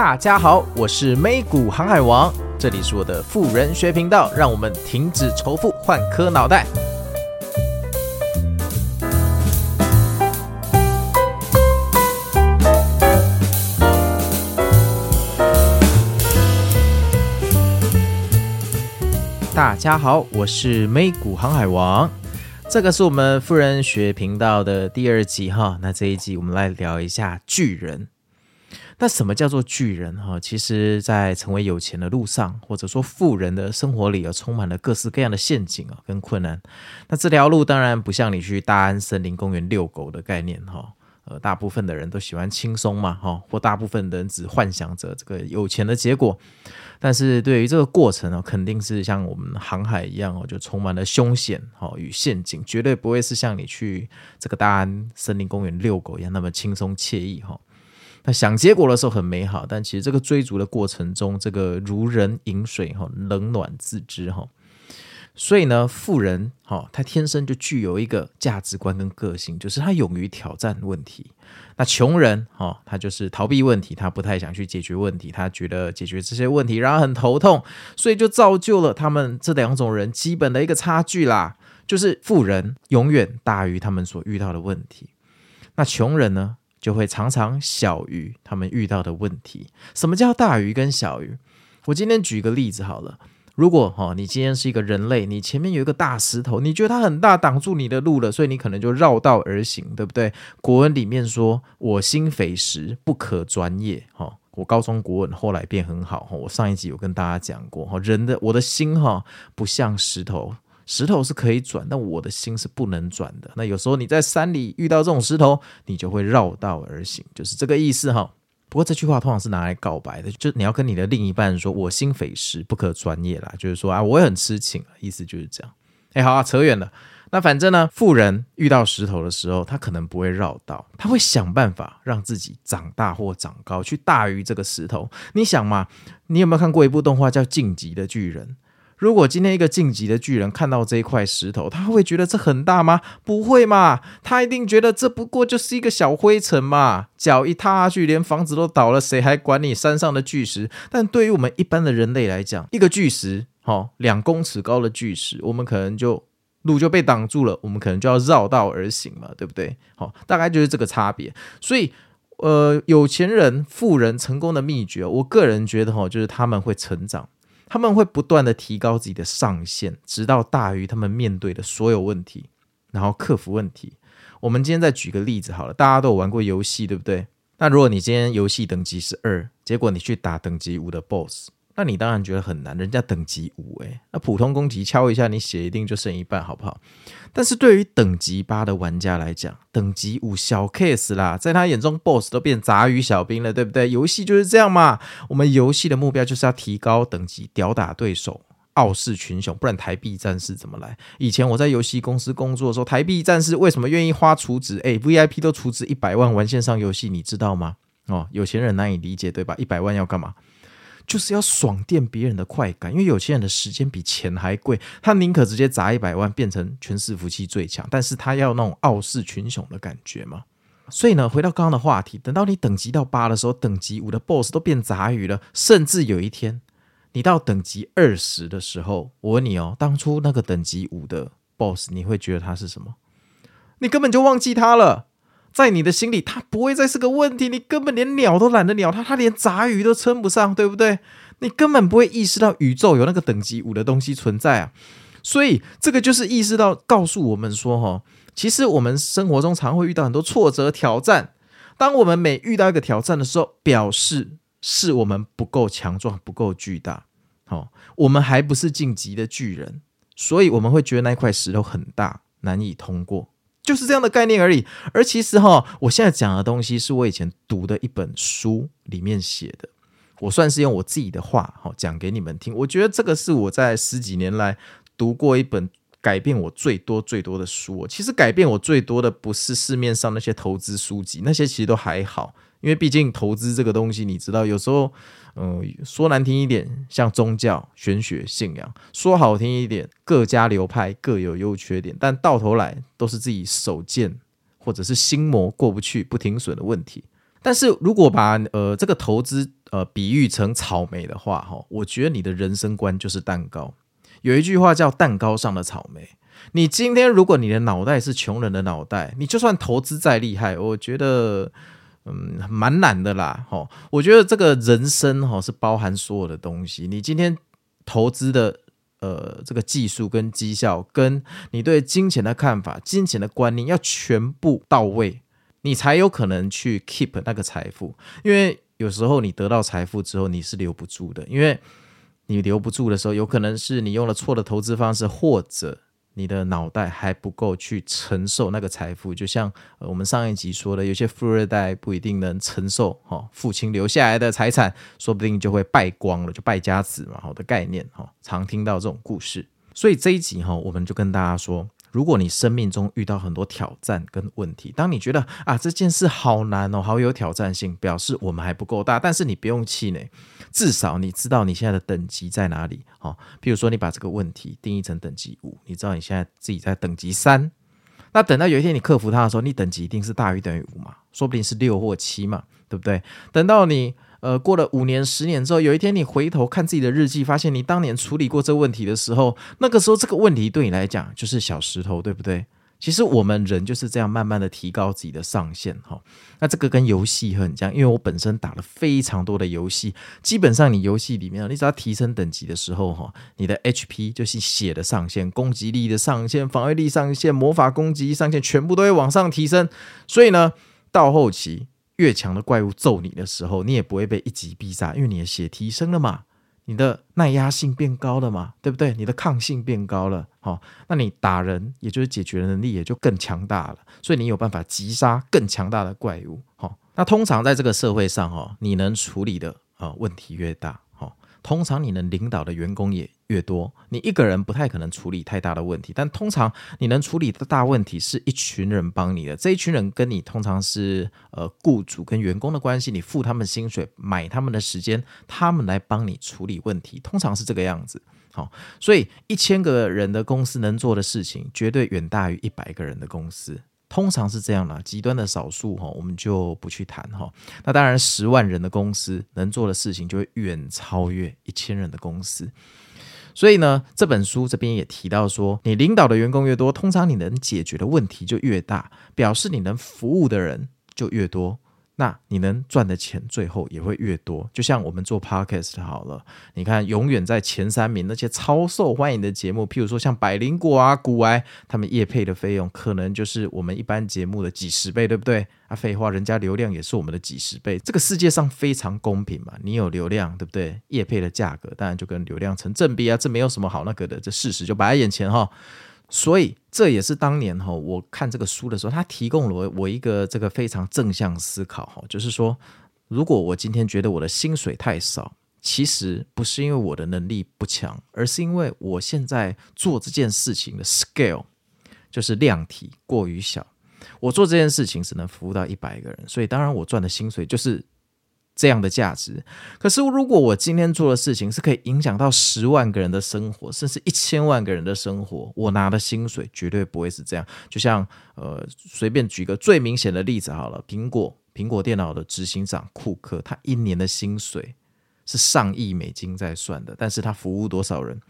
大家好，我是美股航海王，這裡是我的富人學頻道，讓我們停止仇富，換顆腦袋。大家好，我是美股航海王，這個是我們富人學頻道的第二集哈，那這一集我們來聊一下巨人。那什麼叫做巨人哈？其實，在成為有錢的路上，或者說富人的生活裡，充滿了各式各樣的陷阱啊跟困難。那這條路當然不像你去大安森林公園遛狗的概念哈，呃，大部分的人都喜歡輕鬆嘛哈，或大部分的人只幻想着這個有錢的結果。但是對於這個過程啊，肯定是像我們航海一樣哦，就充滿了凶險哈，與陷阱，絕對不會是像你去這個大安森林公園遛狗一樣那麼輕鬆愜意哈。那想結果的時候很美好，但其實這個追逐的過程中，這個如人飲水，哈，冷暖自知，哈。所以呢，富人，哈，他天生就具有一個價值觀跟個性，就是他勇於挑戰問題。那窮人，哈，他就是逃避問題，他不太想去解決問題，他覺得解決這些問題然後很頭痛，所以就造就了他們這兩種人基本的一個差距啦，就是富人永遠大於他們所遇到的問題。那窮人呢？就會常常小於他們遇到的問題。什麼叫大魚跟小魚？我今天舉個例子好了。如果哈、哦，你今天是一個人類，你前面有一個大石頭，你覺得它很大，擋住你的路了，所以你可能就繞道而行，對不對？國文裡面說：“我心匪石，不可轉也。哦”哈，我高中國文後來變很好。哈、哦，我上一集有跟大家講過，哈、哦，人的我的心哈、哦，不像石頭。石頭是可以轉，那我的心是不能轉的。那有時候你在山裡遇到這種石頭，你就會繞道而行，就是這個意思哈。不過這句話通常是拿來告白的，就你要跟你的另一半說：“我心匪石，不可轉也啦。”就是說啊，我也很癡情，意思就是這樣。哎，好啊，扯遠了。那反正呢，富人遇到石頭的時候，他可能不會繞道，他會想辦法讓自己長大或長高，去大於這個石頭。你想嘛，你有沒有看過一部動畫叫《進擊的巨人》？如果今天一個晉級的巨人看到這一塊石頭，他會覺得這很大嗎？不會嘛，他一定覺得這不過就是一個小灰塵嘛。腳一踏下去，連房子都倒了，誰還管你山上的巨石？但對於我們一般的人類來講，一個巨石，吼，兩公尺高的巨石，我們可能就路就被擋住了，我們可能就要繞道而行嘛，對不對？好，大概就是這個差別。所以，呃，有錢人、富人成功的秘訣，我個人覺得吼，就是他們會成長。他們會不斷地提高自己的上限，直到大於他們面對的所有問題，然後克服問題。我們今天再舉個例子好了，大家都有玩過遊戲，對不對？那如果你今天遊戲等級是二，結果你去打等級五的 BOSS。那你當然覺得很難，人家等級五誒、欸。那普通攻擊敲一下，你血一定就剩一半，好不好？但是對於等級八的玩家來講，等級五小 case 啦，在他眼中 BOSS 都變雜魚小兵了，對不對？遊戲就是這樣嘛。我們遊戲的目標就是要提高等級，吊打對手，傲視群雄，不然台幣戰士怎麼來？以前我在遊戲公司工作的時候，台幣戰士為什麼願意花儲值？誒、欸、VIP 都儲值一百萬玩線上遊戲，你知道嗎？哦，有錢人難以理解，對吧？一百萬要幹嘛？就是要爽電別人的快感，因為有些人的時間比錢還貴，他寧可直接砸一百萬變成全伺服器最強，但是他要那種傲視群雄的感覺嘛。所以呢，回到剛剛的話題，等到你等級到八的時候，等級五的 BOSS 都變雜魚了，甚至有一天你到等級二十的時候，我問你哦，當初那個等級五的 BOSS，你會覺得他是什麼？你根本就忘記他了。在你的心裡，它不會再是個問題，你根本連鳥都懶得鳥它，它連雜魚都稱不上，對不對？你根本不會意識到宇宙有那個等級五的東西存在啊！所以，這個就是意識到告訴我們說，哦，其實我們生活中常會遇到很多挫折、挑戰。當我們每遇到一個挑戰的時候，表示是我們不夠強壯、不夠巨大，好，我們還不是晉級的巨人，所以我們會覺得那塊石頭很大，難以通過。就是這樣的概念而已。而其實哈，我現在講的東西是我以前讀的一本書裡面寫的，我算是用我自己的話哈講給你們聽。我覺得這個是我在十幾年來讀過一本改變我最多最多的書。其實改變我最多的不是市面上那些投資書籍，那些其實都還好。因為畢竟投資這個東西，你知道，有時候，嗯、呃，說難聽一點，像宗教、玄學、信仰；說好聽一點，各家流派各有優缺點，但到頭來都是自己手賤或者是心魔過不去、不停損的問題。但是如果把呃這個投資呃比喻成草莓的話，哈、哦，我覺得你的人生觀就是蛋糕。有一句話叫“蛋糕上的草莓”。你今天如果你的腦袋是窮人的腦袋，你就算投資再厲害，我覺得。.嗯，蠻難的啦，哈、哦！我覺得這個人生哈、哦、是包含所有的東西。你今天投資的呃，這個技術跟績效，跟你對金錢的看法、金錢的觀念，要全部到位，你才有可能去 keep 那個財富。因為有時候你得到財富之後，你是留不住的。因為你留不住的時候，有可能是你用了錯的投資方式，或者。你的腦袋還不夠去承受那個財富，就像我們上一集說的，有些富二代不一定能承受哈父親留下來的財產，說不定就會敗光了，就敗家子嘛，好的概念哈，常聽到這種故事，所以這一集哈，我們就跟大家說。如果你生命中遇到很多挑戰跟問題，當你覺得啊，這件事好難哦，好有挑戰性，表示我們還不夠大，但是你不用氣餒，至少你知道你現在的等級在哪裡哦。比如說你把這個問題定義成等級五，你知道你現在自己在等級三，那等到有一天你克服它的時候，你等級一定是大於等於五嘛，說不定是六或七嘛，對不對？等到你。呃，過了五年、十年之後，有一天你回頭看自己的日記，發現你當年處理過這個問題的時候，那個時候這個問題對你來講就是小石頭，對不對？其實我們人就是這樣慢慢的提高自己的上限哈。那這個跟遊戲很像，因為我本身打了非常多的遊戲，基本上你遊戲裡面你只要提升等級的時候哈，你的 HP 就是血的上限、攻擊力的上限、防禦力上限、魔法攻擊上限，全部都會往上提升。所以呢，到後期。越強的怪物揍你的時候，你也不會被一擊必殺，因為你的血提升了嘛，你的耐壓性變高了嘛，對不對？你的抗性變高了，好、哦，那你打人也就是解決能力也就更強大了，所以你有辦法擊殺更強大的怪物，好、哦，那通常在這個社會上哦，你能處理的啊、哦、問題越大，好、哦。通常你能領導的員工也越多，你一個人不太可能處理太大的問題。但通常你能處理的大問題是一群人幫你的，這一群人跟你通常是雇呃雇主跟員工的關係，你付他們薪水，買他們的時間，他們來幫你處理問題，通常是這個樣子。好，所以一千個人的公司能做的事情，絕對遠大於一百個人的公司。通常是這樣啦，極端的少數哈、哦，我們就不去談哈、哦。那當然，十萬人的公司能做的事情，就會遠超越一千人的公司。所以呢，這本書這邊也提到說，你領導的員工越多，通常你能解決的問題就越大，表示你能服務的人就越多。那你能賺的錢最後也會越多，就像我們做 podcast 好了，你看永遠在前三名那些超受歡迎的節目，譬如說像百靈果啊、股癌，他們業配的費用可能就是我們一般節目的幾十倍，對不對？啊，廢話，人家流量也是我們的幾十倍，這個世界上非常公平嘛，你有流量，對不對？業配的價格當然就跟流量成正比啊，這沒有什麼好那個的，這事實就擺在眼前哈。所以這也是當年哈，我看這個書的時候，他提供了我一個這個非常正向思考，就是說，如果我今天覺得我的薪水太少，其實不是因為我的能力不強，而是因為我現在做這件事情的 scale 就是量體過於小，我做這件事情只能服務到一百個人，所以當然我賺的薪水就是。這樣的價值，可是如果我今天做的事情是可以影響到十萬個人的生活，甚至一千萬個人的生活，我拿的薪水絕對不會是這樣。就像呃，隨便舉個最明顯的例子好了，蘋果蘋果電腦的執行長庫克，他一年的薪水是上億美金在算的，但是他服務多少人？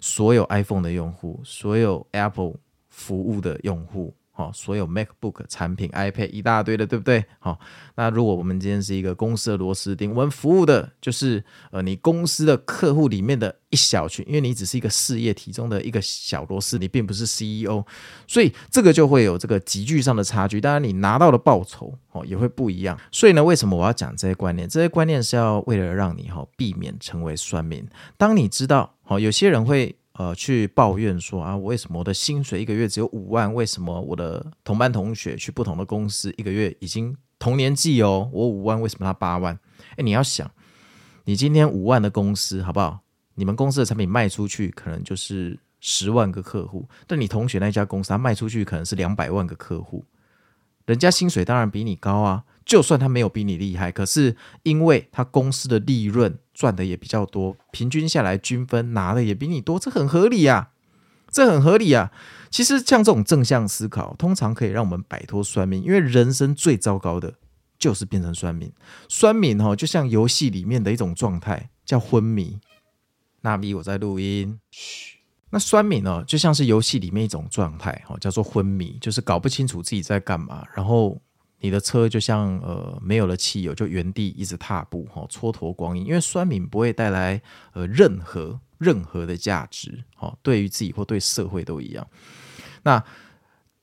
所有 iPhone 的用戶，所有 Apple 服務的用戶。哦，所有 MacBook 產品、iPad 一大堆的，對不對？好，那如果我們今天是一個公司的螺絲釘，我們服務的就是呃，你公司的客戶裡面的一小群，因為你只是一個事業體中的一個小螺絲，你並不是 CEO，所以這個就會有這個級距上的差距。當然，你拿到的報酬哦也會不一樣。所以呢，為什麼我要講這些觀念？這些觀念是要為了讓你哈避免成為酸民。當你知道，好，有些人會。呃，去抱怨說啊，我為什麼我的薪水一個月只有五萬？為什麼我的同班同學去不同的公司，一個月已經同年紀哦，我五萬，為什麼他八萬？哎，你要想，你今天五萬的公司好不好？你們公司的產品賣出去，可能就是十萬個客戶，但你同學那家公司，他賣出去可能是兩百萬個客戶，人家薪水當然比你高啊。就算他沒有比你厲害，可是因為他公司的利潤賺的也比較多，平均下來均分拿的也比你多，這很合理啊，這很合理啊。其實像這種正向思考，通常可以讓我們擺脫酸民，因為人生最糟糕的就是變成酸民。酸民、哦、就像遊戲裡面的一種狀態，叫昏迷。納米，我在錄音。那酸民呢、哦，就像是遊戲裡面一種狀態，叫做昏迷，就是搞不清楚自己在幹嘛，然後。你的車就像呃沒有了汽油，就原地一直踏步，哈、哦，蹉跎光陰。因為酸民不會帶來呃任何任何的價值，哈、哦，對於自己或對社會都一樣。那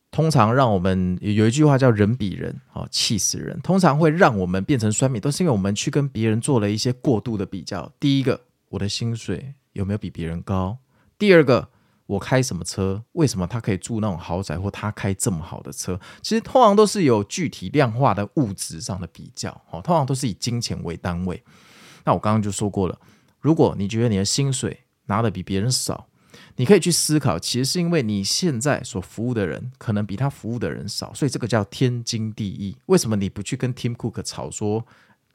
通常讓我們有一句話叫人比人，哈、哦，氣死人。通常會讓我們變成酸民，都是因為我們去跟別人做了一些過度的比較。第一個，我的薪水有沒有比別人高？第二個。我開什麼車？為什麼他可以住那種豪宅，或他開這麼好的車？其實通常都是有具體量化的物質上的比較，好、哦，通常都是以金錢為單位。那我剛剛就說過了，如果你覺得你的薪水拿得比別人少，你可以去思考，其實是因為你現在所服務的人可能比他服務的人少，所以這個叫天經地義。為什麼你不去跟 Tim Cook 吵說？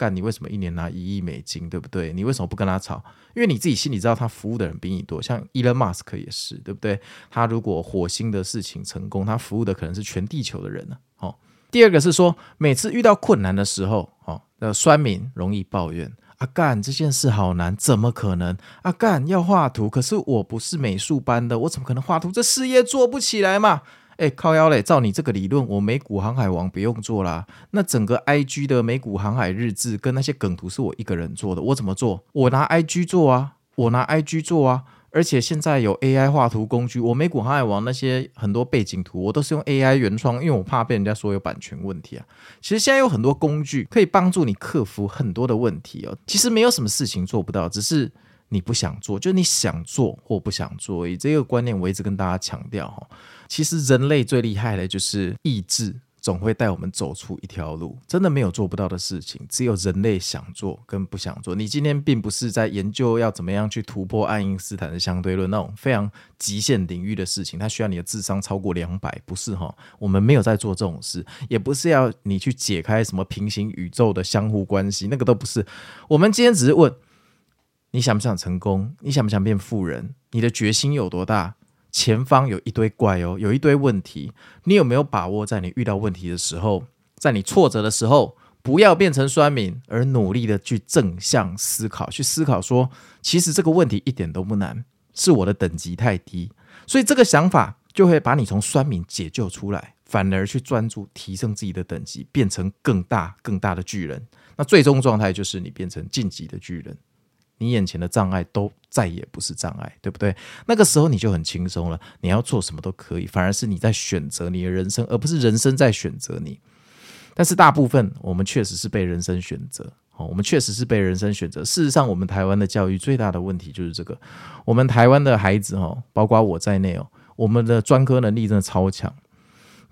幹，你為什麼一年拿一億美金，對不對？你為什麼不跟他吵？因為你自己心裡知道，他服務的人比你多。像伊隆馬斯克也是，對不對？他如果火星的事情成功，他服務的可能是全地球的人呢、啊。哦，第二個是說，每次遇到困難的時候，哦，那酸民容易抱怨啊幹，幹這件事好難，怎麼可能？啊幹，幹要畫圖，可是我不是美術班的，我怎麼可能畫圖？這事業做不起來嘛。哎、欸，靠腰嘞！照你這個理論，我美股航海王不用做啦。那整個 I G 的美股航海日志跟那些梗圖是我一個人做的，我怎麼做？我拿 I G 做啊，我拿 I G 做啊。而且現在有 A I 畫圖工具，我美股航海王那些很多背景圖，我都是用 A I 原創，因為我怕被人家說有版權問題啊。其實現在有很多工具可以幫助你克服很多的問題哦。其實沒有什麼事情做不到，只是。你不想做，就你想做或不想做。以這個觀念，我一直跟大家強調哈，其實人類最厲害的就是意志，總會帶我們走出一條路。真的沒有做不到的事情，只有人類想做跟不想做。你今天並不是在研究要怎麼樣去突破愛因斯坦的相對論，那種非常極限領域的事情，它需要你的智商超過兩百，不是哈？我們沒有在做這種事，也不是要你去解開什麼平行宇宙的相互關係，那個都不是。我們今天只是問。你想不想成功？你想不想變富人？你的決心有多大？前方有一堆怪哦，有一堆問題。你有沒有把握，在你遇到問題的時候，在你挫折的時候，不要變成酸民，而努力的去正向思考，去思考說，其實這個問題一點都不難，是我的等級太低。所以這個想法就會把你從酸民解救出來，反而去專注提升自己的等級，變成更大更大的巨人。那最終狀態就是你變成進擊的巨人。你眼前的障礙都再也不是障礙，對不對？那個時候你就很輕鬆了，你要做什麼都可以。反而是你在選擇你的人生，而不是人生在選擇你。但是大部分我們確實是被人生選擇，哦，我們確實是被人生選擇。事實上，我們台灣的教育最大的問題就是這個。我們台灣的孩子，哦，包括我在內哦，我們的專科能力真的超強。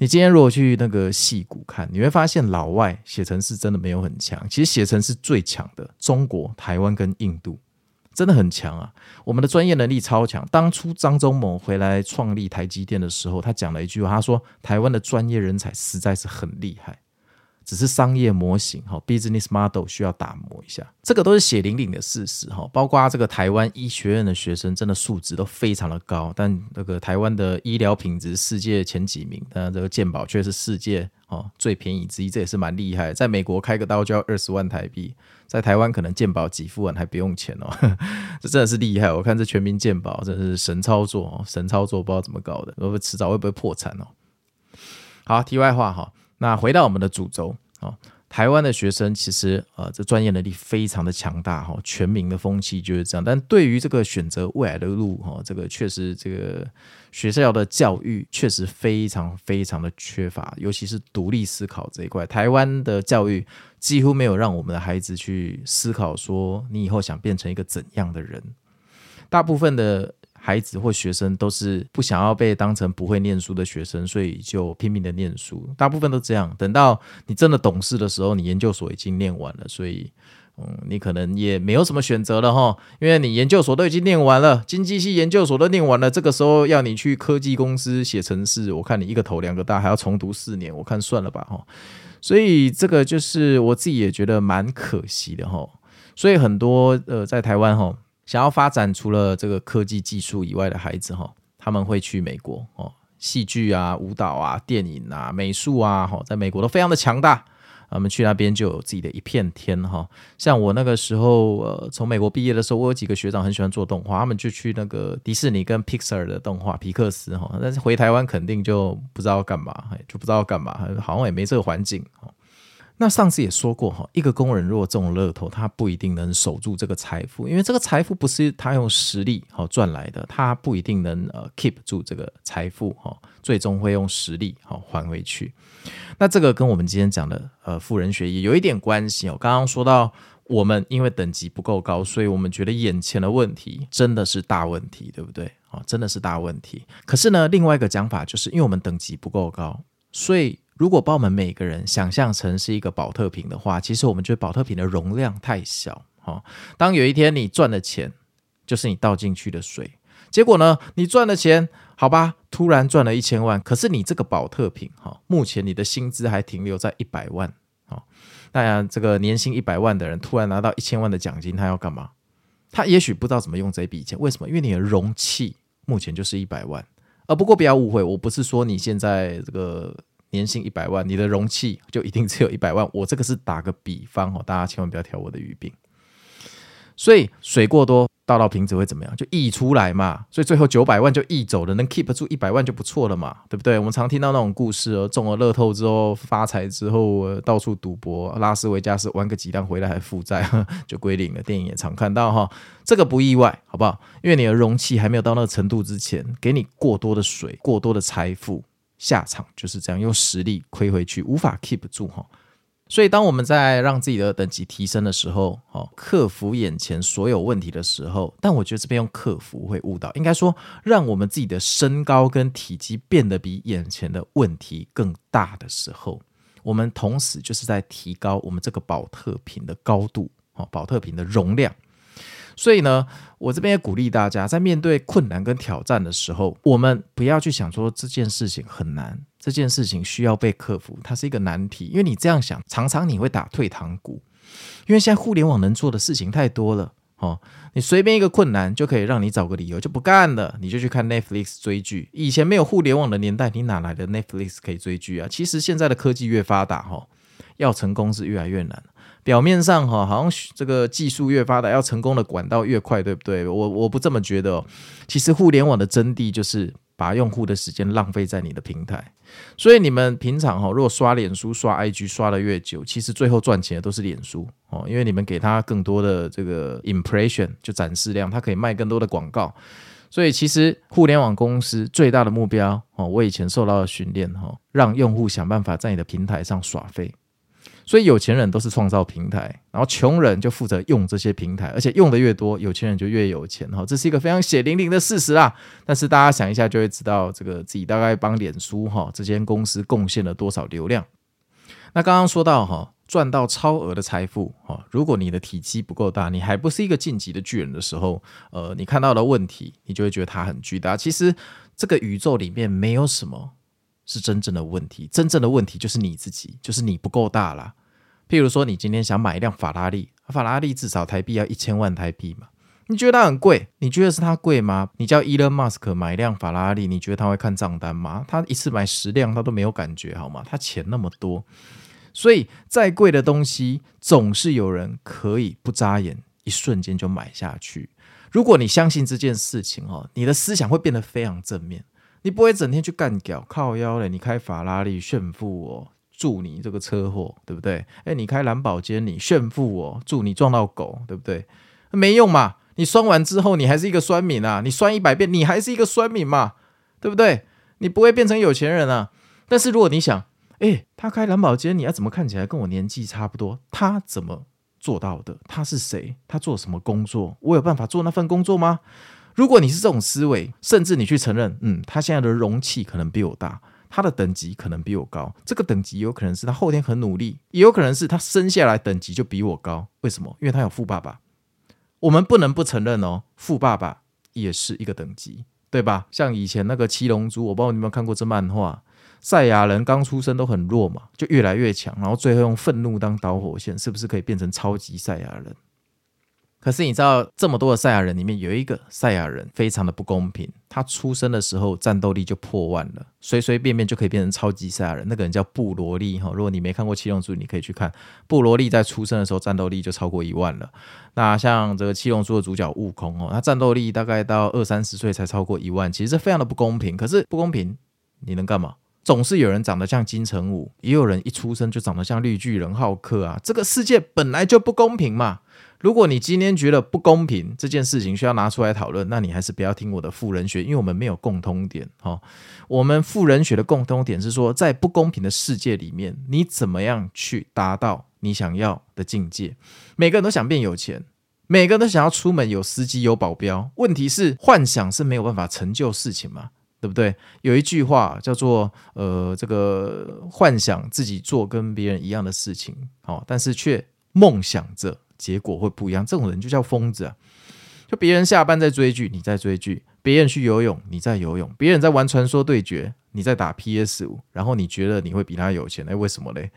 你今天如果去那個矽谷看，你會發現老外寫程式真的沒有很強，其實寫程式最強的中國、台灣跟印度真的很強啊。我們的專業能力超強。當初張忠謀回來創立台積電的時候，他講了一句話，他說台灣的專業人才實在是很厲害。只是商業模型哈，哦，business model 需要打磨一下，這個都是血淋淋的事實哈、哦。包括這個台灣醫學院的學生，真的素質都非常的高。但這個台灣的醫療品質世界前幾名，但這個健保卻是世界哦最便宜之一，這也是蠻厲害。在美國開個刀就要二十萬台幣，在台灣可能健保幾副人還不用錢哦，呵呵，這真的是厲害。我看這全民健保真的是神操作哦，神操作不知道怎麼搞的，會不會遲早會不會破產哦？好，題外話哈。那回到我們的主軸啊，台灣的學生其實呃，這專業能力非常的強大哈，全民的風氣就是這樣。但對於這個選擇未來的路哈，這個確實這個學校的教育確實非常非常的缺乏，尤其是獨立思考這一塊。台灣的教育幾乎沒有讓我們的孩子去思考說，你以後想變成一個怎樣的人。大部分的。孩子或學生都是不想要被當成不會念書的學生，所以就拼命的念書。大部分都這樣。等到你真的懂事的時候，你研究所已經念完了，所以，嗯，你可能也沒有什麼選擇了哈，因為你研究所都已經念完了，經濟系研究所都念完了。這個時候要你去科技公司寫程式，我看你一個頭兩個大，還要重讀四年，我看算了吧哈。所以這個就是我自己也覺得蠻可惜的哈。所以很多呃，在台灣哈。想要發展除了這個科技技術以外的孩子哈，他們會去美國哦，戲劇啊、舞蹈啊、電影啊、美術啊，在美國都非常的強大，他們去那邊就有自己的一片天哈。像我那個時候呃，從美國畢業的時候，我有幾個學長很喜歡做動畫，他們就去那個迪士尼跟 Pixar 的動畫皮克斯哈，但是回台灣肯定就不知道幹嘛，就不知道幹嘛，好像也沒這個環境。那上次也說過哈，一個工人如果中了樂透，他不一定能守住這個財富，因為這個財富不是他用實力好賺來的，他不一定能呃 keep 住這個財富哈，最終會用實力好還回去。那這個跟我們今天講的呃富人學也有一點關係哦。剛剛說到我們因為等級不夠高，所以我們覺得眼前的問題真的是大問題，對不對啊？真的是大問題。可是呢，另外一個講法就是因為我們等級不夠高，所以。如果把我們每個人想象成是一個寶特瓶的話，其實我們覺得寶特瓶的容量太小。哈、哦，當有一天你賺的錢就是你倒進去的水，結果呢，你賺的錢好吧，突然賺了一千萬，可是你這個寶特瓶哈、哦，目前你的薪資還停留在一百萬。哦，當然這個年薪一百萬的人突然拿到一千萬的獎金，他要幹嘛？他也許不知道怎麼用這筆錢。為什麼？因為你的容器目前就是一百萬。而不過不要誤會，我不是說你現在這個。年薪一百萬，你的容器就一定只有一百萬。我這個是打個比方哦，大家千萬不要挑我的語病。所以水過多倒到瓶子會怎麼樣？就溢出來嘛。所以最後九百萬就溢走了，能 keep 住一百萬就不錯了嘛，對不對？我們常聽到那種故事哦，中了樂透之後發財之後到處賭博，拉斯維加斯玩個幾趟回來還負債，就歸零了。電影也常看到哈，這個不意外，好不好？因為你的容器還沒有到那個程度之前，給你過多的水，過多的財富。下場就是這樣，用實力虧回去，無法 keep 住哈。所以，當我們在讓自己的等級提升的時候，哦，克服眼前所有問題的時候，但我覺得這邊用克服會誤導，應該說，讓我們自己的身高跟體積變得比眼前的問題更大的時候，我們同時就是在提高我們這個寶特瓶的高度，哦，寶特瓶的容量。所以呢，我這邊也鼓勵大家，在面對困難跟挑戰的時候，我們不要去想說這件事情很難，這件事情需要被克服，它是一個難題。因為你這樣想，常常你會打退堂鼓。因為現在互聯網能做的事情太多了，哦，你隨便一個困難就可以讓你找個理由就不幹了，你就去看 Netflix 追劇。以前沒有互聯網的年代，你哪來的 Netflix 可以追劇啊？其實現在的科技越發達，哈、哦，要成功是越來越難。表面上哈，好像這個技術越發達，要成功的管道越快，對不對？我我不這麼覺得。其實互聯網的真諦就是把用戶的時間浪費在你的平台。所以你們平常哈，如果刷臉書、刷 IG 刷的越久，其實最後賺錢的都是臉書哦，因為你們給他更多的這個 impression，就展示量，它可以賣更多的廣告。所以其實互聯網公司最大的目標哦，我以前受到的訓練哈，讓用戶想辦法在你的平台上耍廢。所以有錢人都是創造平台，然後窮人就負責用這些平台，而且用的越多，有錢人就越有錢哈，這是一個非常血淋淋的事實啊！但是大家想一下，就會知道這個自己大概幫臉書哈這間公司貢獻了多少流量。那剛剛說到哈賺到超額的財富哈，如果你的體積不夠大，你還不是一個晉級的巨人的時候，呃，你看到的問題，你就會覺得它很巨大。其實這個宇宙裡面沒有什麼。是真正的問題，真正的問題就是你自己，就是你不夠大啦。譬如說，你今天想買一輛法拉利，法拉利至少台幣要一千萬台幣嘛。你覺得它很貴？你覺得是它貴嗎？你叫伊隆·馬斯克買一輛法拉利，你覺得他會看賬單嗎？他一次買十輛，他都沒有感覺，好嗎？他錢那麼多，所以再貴的東西，總是有人可以不眨眼，一瞬間就買下去。如果你相信這件事情哦，你的思想會變得非常正面。你不會整天去幹屌靠腰了。你開法拉利炫富哦，祝你這個車禍，對不對？誒，你開藍寶堅尼，你炫富哦，祝你撞到狗，對不對？沒用嘛，你酸完之後你還是一個酸民啊，你酸一百遍你還是一個酸民嘛，對不對？你不會變成有錢人啊。但是如果你想，誒，他開藍寶堅尼，你要、啊、怎麼看起來跟我年紀差不多？他怎麼做到的？他是誰？他做什麼工作？我有辦法做那份工作嗎？如果你是這種思維，甚至你去承認，嗯，他現在的容器可能比我大，他的等級可能比我高，這個等級有可能是他後天很努力，也有可能是他生下來等級就比我高。為什麼？因為他有富爸爸。我們不能不承認哦，富爸爸也是一個等級，對吧？像以前那個七龍珠，我不知道你有沒有看過這漫畫，賽亞人剛出生都很弱嘛，就越來越強，然後最後用憤怒當導火線，是不是可以變成超級賽亞人？可是你知道這麼多的賽亞人裡面，有一個賽亞人非常的不公平，他出生的時候戰鬥力就破萬了，隨隨便便就可以變成超級賽亞人。那個人叫布羅利哈，哦，如果你沒看過七龍珠，你可以去看布羅利在出生的時候戰鬥力就超過一萬了。那像這個七龍珠的主角悟空哦，他戰鬥力大概到二三十歲才超過一萬，其實是非常的不公平。可是不公平，你能幹嘛？總是有人長得像金城武，也有人一出生就長得像綠巨人浩克啊！這個世界本來就不公平嘛。如果你今天覺得不公平，這件事情需要拿出來討論，那你還是不要聽我的富人學，因為我們沒有共通點。哈、哦，我們富人學的共通點是說，在不公平的世界裡面，你怎麼樣去達到你想要的境界？每個人都想變有錢，每個人都想要出門有司機、有保鏢。問題是，幻想是沒有辦法成就事情嘛。對不對？有一句話叫做“呃，這個幻想自己做跟別人一樣的事情，哦。但是卻夢想着結果會不一樣，這種人就叫瘋子啊！就別人下班在追劇，你在追劇；別人去游泳，你在游泳；別人在玩傳說對決，你在打 PS 五。然後你覺得你會比他有錢？哎，為什麼嘞？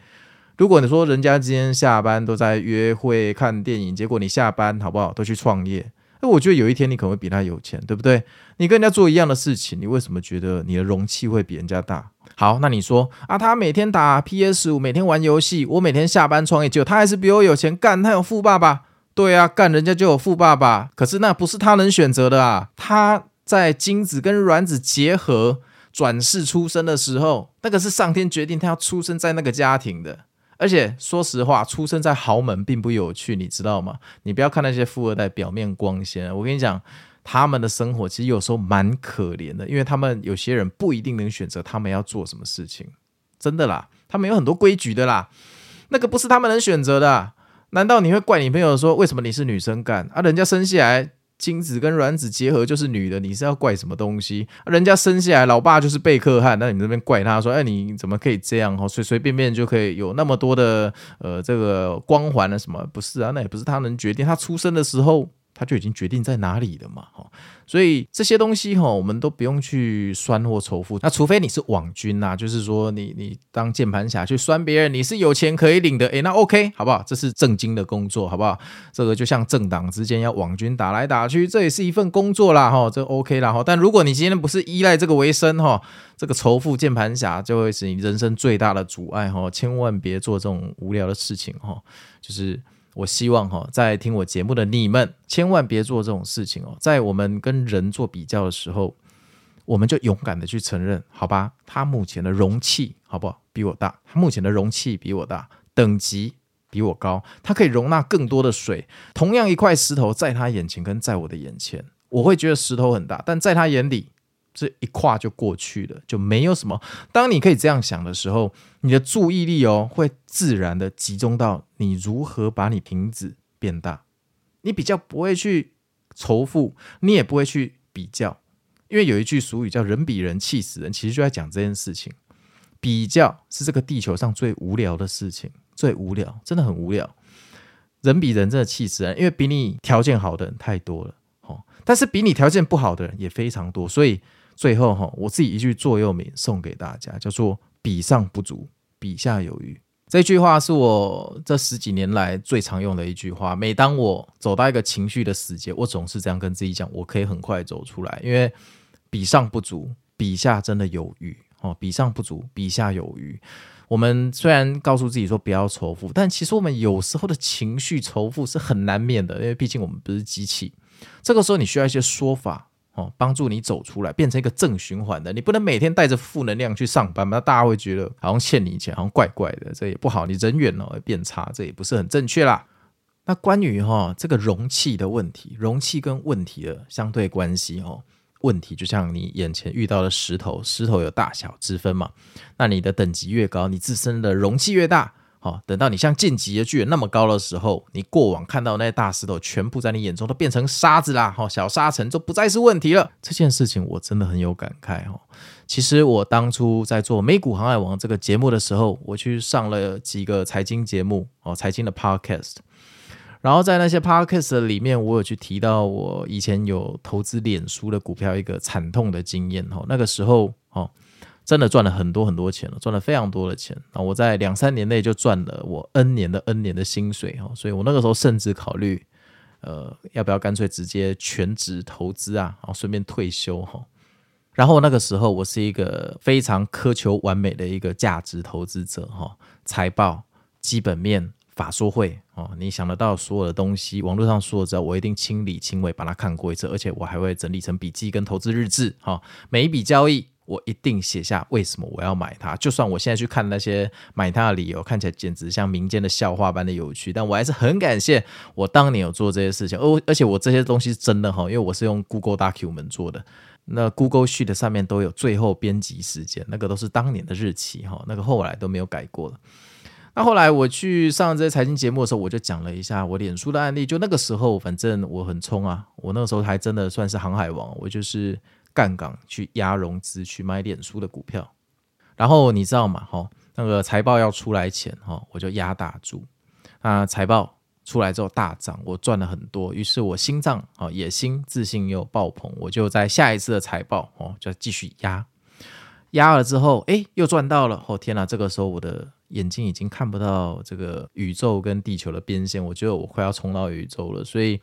如果你說人家今天下班都在約會看電影，結果你下班好不好？都去創業。那我覺得有一天你可能會比他有錢，對不對？你跟人家做一樣的事情，你為什麼覺得你的容器會比人家大？好，那你說啊，他每天打 PS 五，每天玩遊戲，我每天下班創業就，結果他還是比我有錢幹，幹他有富爸爸。對啊，幹人家就有富爸爸，可是那不是他能選擇的啊。他在精子跟卵子結合轉世出生的時候，那個是上天決定他要出生在那個家庭的。而且說實話，出生在豪門並不有趣，你知道嗎？你不要看那些富二代表面光鮮，我跟你講，他們的生活其實有時候蠻可憐的，因為他們有些人不一定能選擇他們要做什麼事情，真的啦，他們有很多規矩的啦，那個不是他們能選擇的啊。難道你會怪你朋友說，為什麼你是女生幹啊？人家生下來。精子跟卵子結合就是女的，你是要怪什麼東西？人家生下來，老爸就是貝克漢，那你這邊怪他說，哎，你怎麼可以這樣？隨隨便便就可以有那麼多的呃這個光環啊什麼？不是啊？那也不是他能決定，他出生的時候他就已經決定在哪裡了嘛。所以這些東西哈，我們都不用去酸或仇富。那除非你是網軍吶、啊，就是說你你當鍵盤俠去酸別人，你是有錢可以領的。哎、欸，那 OK，好不好？這是正經的工作，好不好？這個就像政黨之間要網軍打來打去，這也是一份工作啦，哈，這 OK 啦。哈。但如果你今天不是依賴這個為生哈，這個仇富鍵盤俠就會是你人生最大的阻礙哈，千萬別做這種無聊的事情哈，就是。我希望哈、哦，在聽我節目的你們，千萬別做這種事情哦。在我們跟人做比較的時候，我們就勇敢的去承認，好吧？他目前的容器好不好，比我大，他目前的容器比我大，等級比我高，它可以容納更多的水。同樣一塊石頭，在他眼前跟在我的眼前，我會覺得石頭很大，但在他眼裡。這一跨就過去了，就沒有什麼。當你可以這樣想的時候，你的注意力哦、喔，會自然的集中到你如何把你瓶子變大。你比較不會去仇富，你也不會去比較，因為有一句俗語叫“人比人氣死人”，其實就在講這件事情。比較是這個地球上最無聊的事情，最無聊，真的很無聊。人比人真的氣死人，因為比你條件好的人太多了，哦。但是比你條件不好的人也非常多，所以。最後哈，我自己一句座右銘送給大家，叫做“比上不足，比下有餘”。這句話是我這十幾年來最常用的一句話。每當我走到一個情緒的死結，我總是這樣跟自己講：我可以很快走出來，因為比上不足，比下真的有餘。哦，比上不足，比下有餘。我們雖然告訴自己說不要仇富，但其實我們有時候的情緒仇富是很難免的，因為畢竟我們不是機器。這個時候，你需要一些說法。哦，幫助你走出來，變成一個正循環的，你不能每天帶着負能量去上班嘛？大家會覺得好像欠你錢，好像怪怪的，這也不好，你人緣哦也變差，這也不是很正確啦。那關於哈這個容器的問題，容器跟問題的相對關係哦，問題就像你眼前遇到的石頭，石頭有大小之分嘛？那你的等級越高，你自身的容器越大。好，等到你像進擊的巨人那麼高的時候，你過往看到那些大石頭，全部在你眼中都變成沙子啦！哈，小沙塵就不再是問題了。這件事情我真的很有感慨哈。其實我當初在做美股航海王這個節目的時候，我去上了幾個財經節目哦，財經的 podcast，然後在那些 podcast 裡面，我有去提到我以前有投資臉書的股票一個慘痛的經驗哈。那個時候，哈。真的賺了很多很多錢了，賺了非常多的錢。那、哦、我在兩三年內就賺了我 N 年的 N 年的薪水哈、哦，所以我那個時候甚至考慮，呃，要不要乾脆直接全職投資啊，哦、順便退休哈、哦。然後那個時候我是一個非常苛求完美的一個價值投資者哈、哦，財報、基本面、法說會哦，你想得到所有的東西，網絡上說的，我一定親力親為把它看過一次，而且我還會整理成筆記跟投資日誌哈、哦，每一筆交易。我一定寫下為什麼我要買它，就算我現在去看那些買它的理由，看起來簡直像民間的笑話般的有趣。但我還是很感謝我當年有做這些事情，而而且我這些東西是真的哈，因為我是用 Google document 做的。那 Google sheet 的上面都有最後編輯時間，那個都是當年的日期哈，那個後來都沒有改過了。那後來我去上這些財經節目的時候，我就講了一下我臉書的案例。就那個時候，反正我很衝啊，我那個時候還真的算是航海王，我就是。槓桿去壓融資，去買臉書的股票，然後你知道嗎？哈、哦，那個財報要出來前，哈、哦，我就壓大注，啊，財報出來之後大漲，我賺了很多，於是我心臟啊、哦、野心自信又爆棚，我就在下一次的財報哦，就繼續壓，壓了之後，誒，又賺到了，哦天哪，這個時候我的。眼睛已經看不到這個宇宙跟地球的邊線，我覺得我快要衝到宇宙了，所以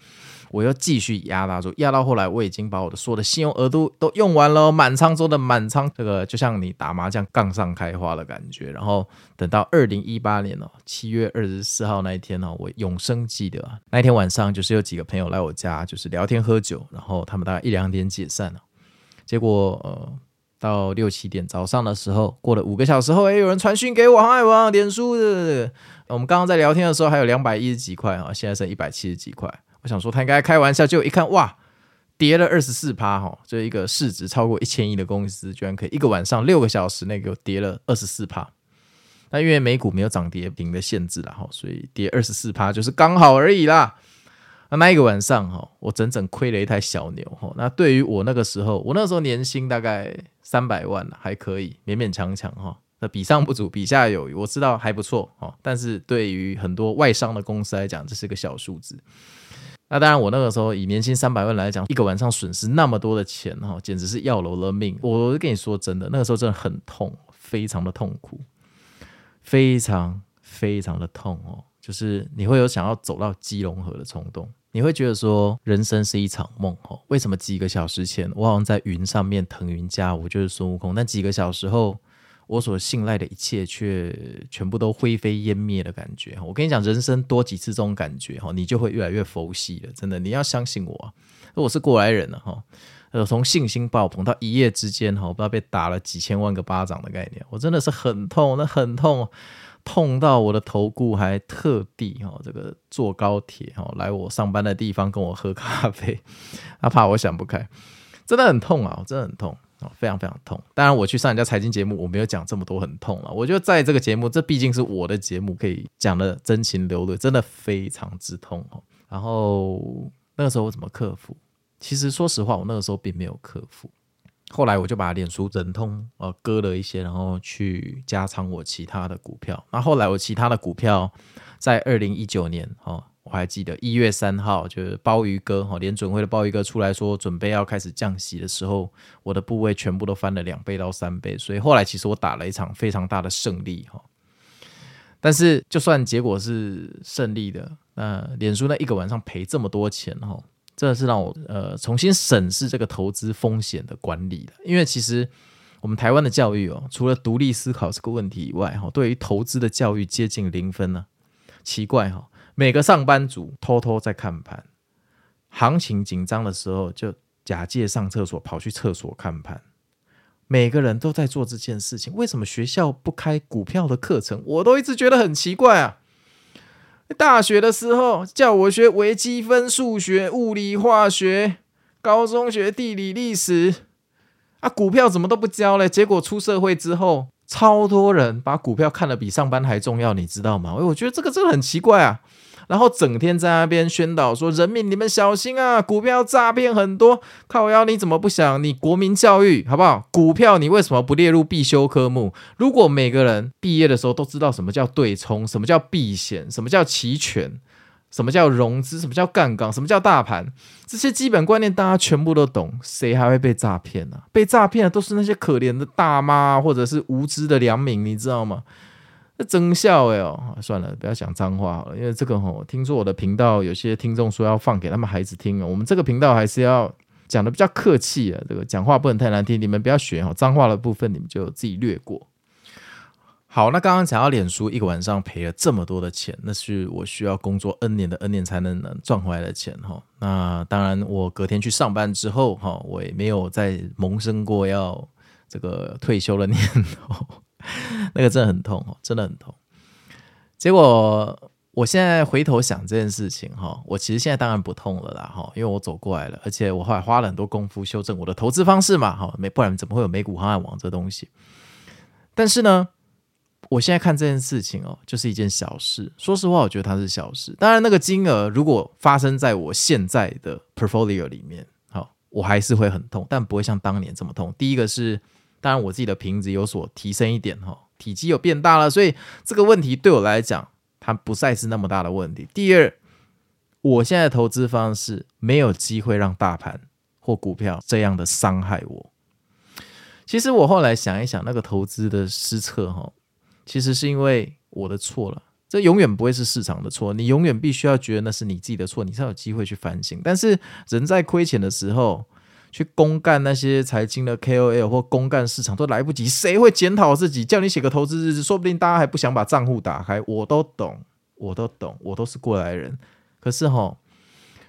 我又繼續押大注，壓到後來我已經把我的所有的信用額度都，都用完了，哦，滿倉中的滿倉，這個就像你打麻將槓上開花的感覺。然後等到二零一八年哦七月二十四號那一天哦，我永生記得、啊、那天晚上，就是有幾個朋友來我家，就是聊天喝酒，然後他們大概一兩點解散了，啊，結果呃。到六七點早上的時候，過了五個小時後，哎，有人傳訊給我，哎，我要點數字。我們剛剛在聊天的時候還有兩百一十幾塊啊，現在剩一百七十幾塊。我想說他應該開玩笑，就一看哇，跌了二十四趴哈，這一個市值超過一千億的公司，居然可以一個晚上六個小時內給我跌了二十四趴。那因為美股沒有漲跌停的限制了哈，所以跌二十四趴就是剛好而已啦。那那一個晚上哈，我整整虧了一台小牛哈。那對於我那個時候，我那時候年薪大概三百萬，還可以勉勉強強哈。那比上不足，比下有餘，我知道還不錯哈。但是對於很多外商的公司來講，這是個小數字。那當然，我那個時候以年薪三百萬來講，一個晚上損失那麼多的錢哈，簡直是要了我的命。我跟你說真的，那個時候真的很痛，非常的痛苦，非常非常的痛哦。就是你會有想要走到基隆河的衝動。你會覺得說人生是一場夢哈？為什麼幾個小時前我好像在雲上面騰雲駕霧，就是孫悟空，但幾個小時後我所信賴的一切卻全部都灰飛煙滅的感覺。我跟你講，人生多幾次這種感覺哈，你就會越來越佛系了。真的，你要相信我，我是過來人了哈。呃，從信心爆棚到一夜之間哈，不知道被打了幾千萬個巴掌的概念，我真的是很痛，那很痛。痛到我的頭骨，還特地哦。這個坐高鐵哦，來我上班的地方跟我喝咖啡，他、啊、怕我想不開，真的很痛啊，真的很痛啊，哦，非常非常痛。當然我去上人家財經節目，我沒有講這麼多很痛啊。我覺得在這個節目，這畢竟是我的節目，可以講的真情流露，真的非常之痛哦。然後那個時候我怎麼克服？其實說實話，我那個時候並沒有克服。後來我就把臉書忍痛呃割了一些，然後去加倉我其他的股票。那後來我其他的股票在二零一九年哈，我還記得一月三號就是鮑魚哥哈，聯準會的鮑魚哥出來說準備要開始降息的時候，我的部位全部都翻了兩倍到三倍。所以後來其實我打了一場非常大的勝利哈。但是就算結果是勝利的，那臉書那一個晚上賠這麼多錢哈。這是讓我呃重新審視這個投資風險的管理的。因為其實我們台灣的教育哦、喔，除了獨立思考這個問題以外，哈，對於投資的教育接近零分呢、啊，奇怪哈、喔，每個上班族偷偷在看盤，行情緊張的時候就假借上廁所跑去廁所看盤，每個人都在做這件事情，為什麼學校不開股票的課程？我都一直覺得很奇怪啊。大學的時候叫我學微積分、數學、物理、化學，高中學地理、歷史，啊，股票怎麼都不教嘞？結果出社會之後，超多人把股票看得比上班還重要，你知道嗎？欸，我覺得這個真的很奇怪啊。然後整天在那邊宣導說：“人民，你們小心啊！股票詐騙很多，靠腰，你怎麼不想，你國民教育好不好？股票你為什麼不列入必修科目？如果每個人畢業的時候都知道什麼叫對沖，什麼叫避險，什麼叫期權，什麼叫融資什叫，什麼叫槓桿，什麼叫大盤，這些基本觀念大家全部都懂，誰還會被詐騙呢、啊？被詐騙的都是那些可憐的大媽，或者是無知的良民，你知道嗎？”這真笑哎哦！算了，不要講髒話好了，因為這個吼，哦，聽說我的頻道有些聽眾說要放給他們孩子聽哦。我們這個頻道還是要講得比較客氣啊，這個講話不能太難聽。你們不要學哦。髒話的部分你們就自己略過。好，那剛剛講到臉書一個晚上賠了這麼多的錢，那是我需要工作 N 年的 N 年才能能賺回來的錢哈。那當然，我隔天去上班之後哈，我也沒有再萌生過要這個退休的念頭。呵呵 那個真的很痛哦，真的很痛。結果我現在回頭想這件事情哈，我其實現在當然不痛了啦哈，因為我走過來了，而且我後來花了很多功夫修正我的投資方式嘛，好，沒不然怎麼會有美股航海王這東西？但是呢，我現在看這件事情哦，就是一件小事。說實話，我覺得它是小事。當然，那個金額如果發生在我現在的 portfolio 裡面，我還是會很痛，但不會像當年這麼痛。第一個是。當然，我自己的瓶子有所提升一點吼，體積有變大了，所以這個問題對我來講，它不再是那麼大的問題。第二，我現在的投資方式沒有機會讓大盤或股票這樣的傷害我。其實我後來想一想，那個投資的失策哈，其實是因為我的錯了，這永遠不會是市場的錯，你永遠必須要覺得那是你自己的錯，你才有機會去反省。但是人在虧錢的時候，去公幹那些財經的 KOL 或公幹市場都來不及，誰會檢討自己？叫你寫個投資日誌，說不定大家還不想把賬戶打開。我都懂，我都懂，我都是過來人。可是齁，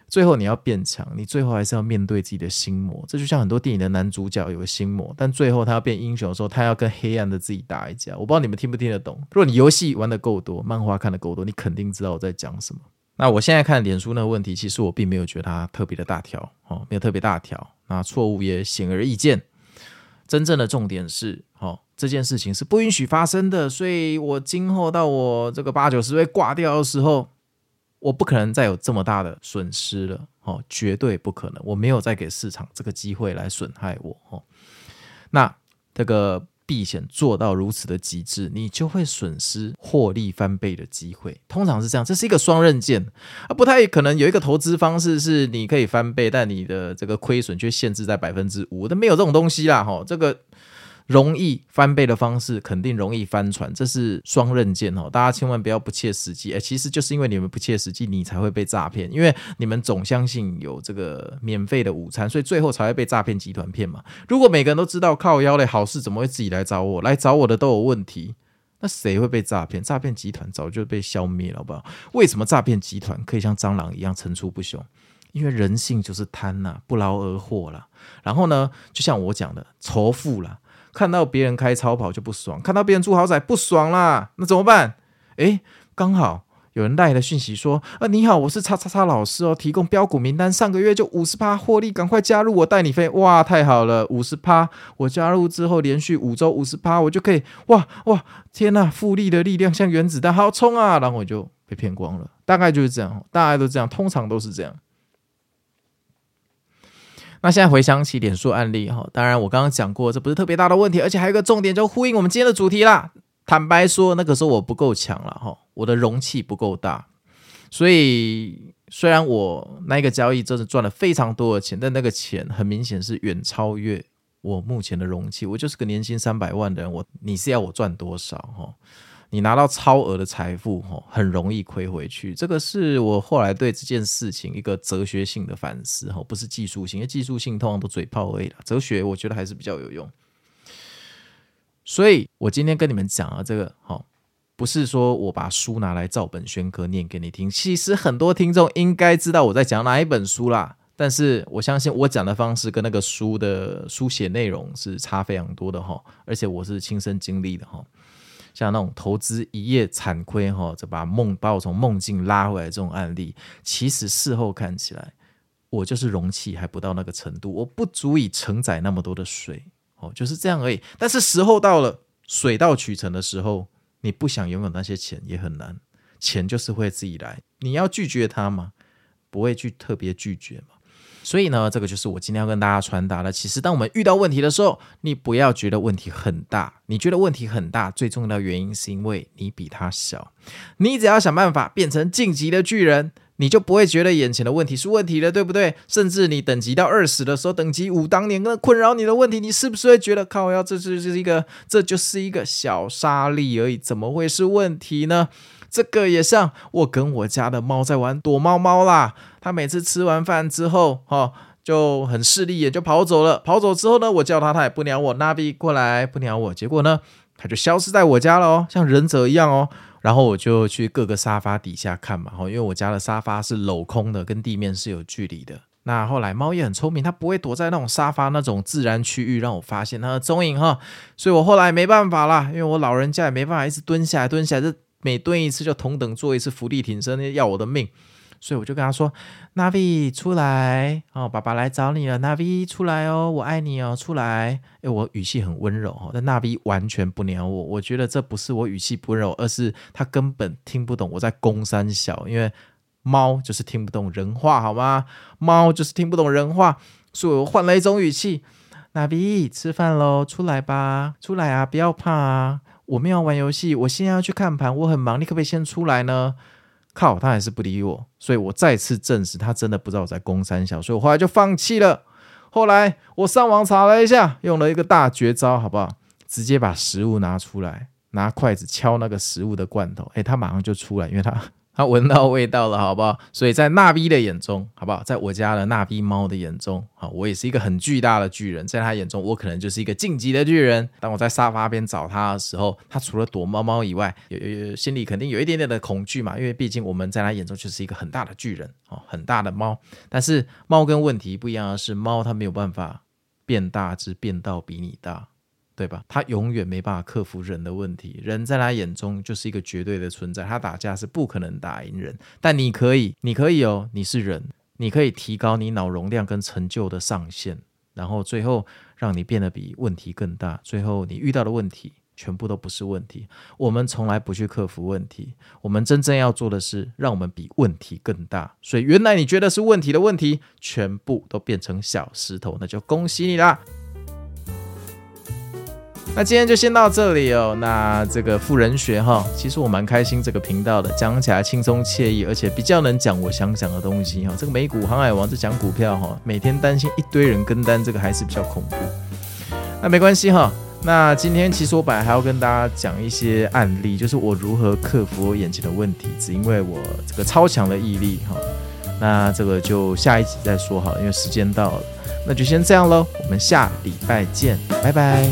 最後你要變強，你最後還是要面對自己的心魔。這就像很多電影的男主角有個心魔，但最後他要變英雄的時候，他要跟黑暗的自己打一架。我不知道你們聽不聽得懂。如果你遊戲玩得夠多，漫畫看得夠多，你肯定知道我在講什麼。那我現在看臉書那個問題，其實我並沒有覺得它特別的大條，哦，沒有特別大條。那、啊、錯誤也顯而易見，真正的重點是，哦，這件事情是不允許發生的。所以，我今後到我這個八九十歲掛掉的時候，我不可能再有這麼大的損失了，哦，絕對不可能。我沒有再給市場這個機會來損害我，哦。那這個。避險做到如此的極致，你就會損失獲利翻倍的機會。通常是這樣，這是一個雙刃劍，啊，不太可能有一個投資方式是你可以翻倍，但你的這個虧損卻限制在百分之五，但沒有這種東西啦，哈，這個。容易翻倍的方式，肯定容易翻船，這是雙刃劍哦，大家千萬不要不切實際。哎，其實就是因為你們不切實際，你才會被詐騙，因為你們總相信有這個免費的午餐，所以最後才會被詐騙集團騙嘛。如果每個人都知道靠腰的好事，怎麼會自己來找我？來找我的都有問題，那誰會被詐騙？詐騙集團早就被消滅了吧？為什麼詐騙集團可以像蟑螂一樣層出不窮？因為人性就是貪婪啊，不勞而獲啦。然後呢，就像我講的，仇富啦。看到別人開超跑就不爽，看到別人住豪宅不爽啦，那怎麼辦？誒、欸，剛好有人賴了訊息說，啊你好，我是叉叉叉老師哦，提供標股名單，上個月就五十趴獲利，趕快加入我帶你飛，哇太好了，五十趴，我加入之後連續五周五十趴，我就可以，哇哇，天吶、啊，複利的力量像原子彈，好衝啊，然後我就被騙光了，大概就是這樣，大概都這樣，通常都是這樣。那現在回想起點數案例哈，當然我剛剛講過這不是特別大的問題，而且還有一個重點，就呼應我們今天的主題啦。坦白說，那個時候我不夠強了哈，我的容器不夠大，所以雖然我那一個交易真的賺了非常多的錢，但那個錢很明顯是遠超越我目前的容器。我就是個年薪三百萬的人，我你是要我賺多少哈？你拿到超額的財富，吼，很容易虧回去。這個是我後來對這件事情一個哲學性的反思，哈，不是技術性，因為技術性通常都嘴炮而已了。哲學我覺得還是比較有用。所以我今天跟你們講啊，這個哈，不是說我把書拿來照本宣科念給你聽。其實很多聽眾應該知道我在講哪一本書啦，但是我相信我講的方式跟那個書的書寫內容是差非常多的哈，而且我是親身經歷的哈。像那種投資一夜慘虧哈，就把夢把我從夢境拉回來這種案例，其實事後看起來，我就是容器還不到那個程度，我不足以承載那麼多的水，哦，就是這樣而已。但是時候到了，水到渠成的時候，你不想擁有那些錢也很難，錢就是會自己來，你要拒絕它嘛，不會去特別拒絕嘛。所以呢，這個就是我今天要跟大家傳達的。其實，當我們遇到問題的時候，你不要覺得問題很大。你覺得問題很大，最重要的原因是因為你比他小。你只要想辦法變成進擊的巨人，你就不會覺得眼前的問題是問題了，對不對？甚至你等級到二十的時候，等級五當年那困擾你的問題，你是不是會覺得，靠，要這就是一個這就是一個小沙粒而已，怎麼會是問題呢？這個也像我跟我家的貓在玩躲貓貓啦。它，每次吃完飯之後，哈、哦，就很勢利眼就跑走了。跑走之後呢，我叫它，它也不鳥我，那 a 過來不鳥我。結果呢，它就消失在我家了哦，像忍者一樣哦。然後我就去各個沙發底下看嘛，哈，因為我家的沙發是鏤空的，跟地面是有距離的。那後來貓也很聰明，它不會躲在那種沙發那種自然區域讓我發現它的蹤影哈。所以我後來沒辦法啦，因為我老人家也沒辦法一直蹲下來蹲下來每蹲一次就同等做一次伏地挺身，要我的命！所以我就跟他說：“娜比出來哦，爸爸來找你了。娜比出來哦，我愛你哦，出來。”哎，我語氣很溫柔，但娜比完全不鳥我。我覺得這不是我語氣不溫柔，而是他根本聽不懂我在公三小，因為貓就是聽不懂人話，好嗎？貓就是聽不懂人話，所以我換了一種語氣：“娜比吃飯嘍，出來吧，出來啊，不要怕啊。”我們要玩遊戲，我現在要去看盤，我很忙，你可不可以先出來呢？靠，他還是不理我，所以我再次證實他真的不知道我在攻三小，所以我後來就放棄了。後來我上網查了一下，用了一個大絕招，好不好？直接把食物拿出來，拿筷子敲那個食物的罐頭，誒、欸，他馬上就出來，因為他。 它聞到味道了，好不好？所以在納比的眼中，好不好？在我家的納比貓的眼中，啊，我也是一個很巨大的巨人，在它眼中，我可能就是一個進擊的巨人。當我在沙發邊找它的時候，它除了躲貓貓以外，有有，有心裡肯定有一點點的恐懼嘛，因為畢竟我們在它眼中就是一個很大的巨人，哦，很大的貓。但是貓跟問題不一樣的是，貓它沒有辦法變大，只變到比你大。對吧？他永遠沒辦法克服人的問題，人在他眼中就是一個絕對的存在。他打架是不可能打贏人，但你可以，你可以哦，你是人，你可以提高你腦容量跟成就的上限，然後最後讓你變得比問題更大。最後你遇到的問題全部都不是問題。我們從來不去克服問題，我們真正要做的是讓我們比問題更大。所以原來你覺得是問題的問題，全部都變成小石頭，那就恭喜你啦！那今天就先到這裡哦。那這個富人學哈、哦，其實我蠻開心這個頻道的，講起來輕鬆愜意，而且比較能講我想講的東西哈、哦。這個美股航海王就講股票哈、哦，每天擔心一堆人跟單，這個還是比較恐怖。那沒關係哈、哦。那今天其實我本來還要跟大家講一些案例，就是我如何克服我眼前的問題，只因為我這個超強的毅力哈、哦。那這個就下一集再說好了，因為時間到了。那就先這樣嘍，我們下禮拜見，拜拜。